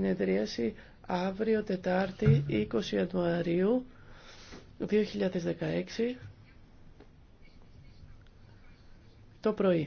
συνεδρίαση αύριο Τετάρτη 20 Ιανουαρίου 2016 το πρωί.